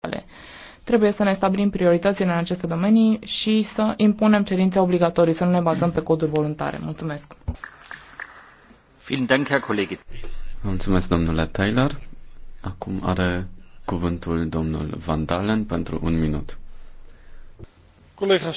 sociale. Trebuie să ne stabilim prioritățile în aceste domenii și să impunem cerințe obligatorii, să nu ne bazăm pe coduri voluntare. Mulțumesc! Mulțumesc, domnule Taylor. Acum are cuvântul domnul Van Dalen pentru un minut. Colegi.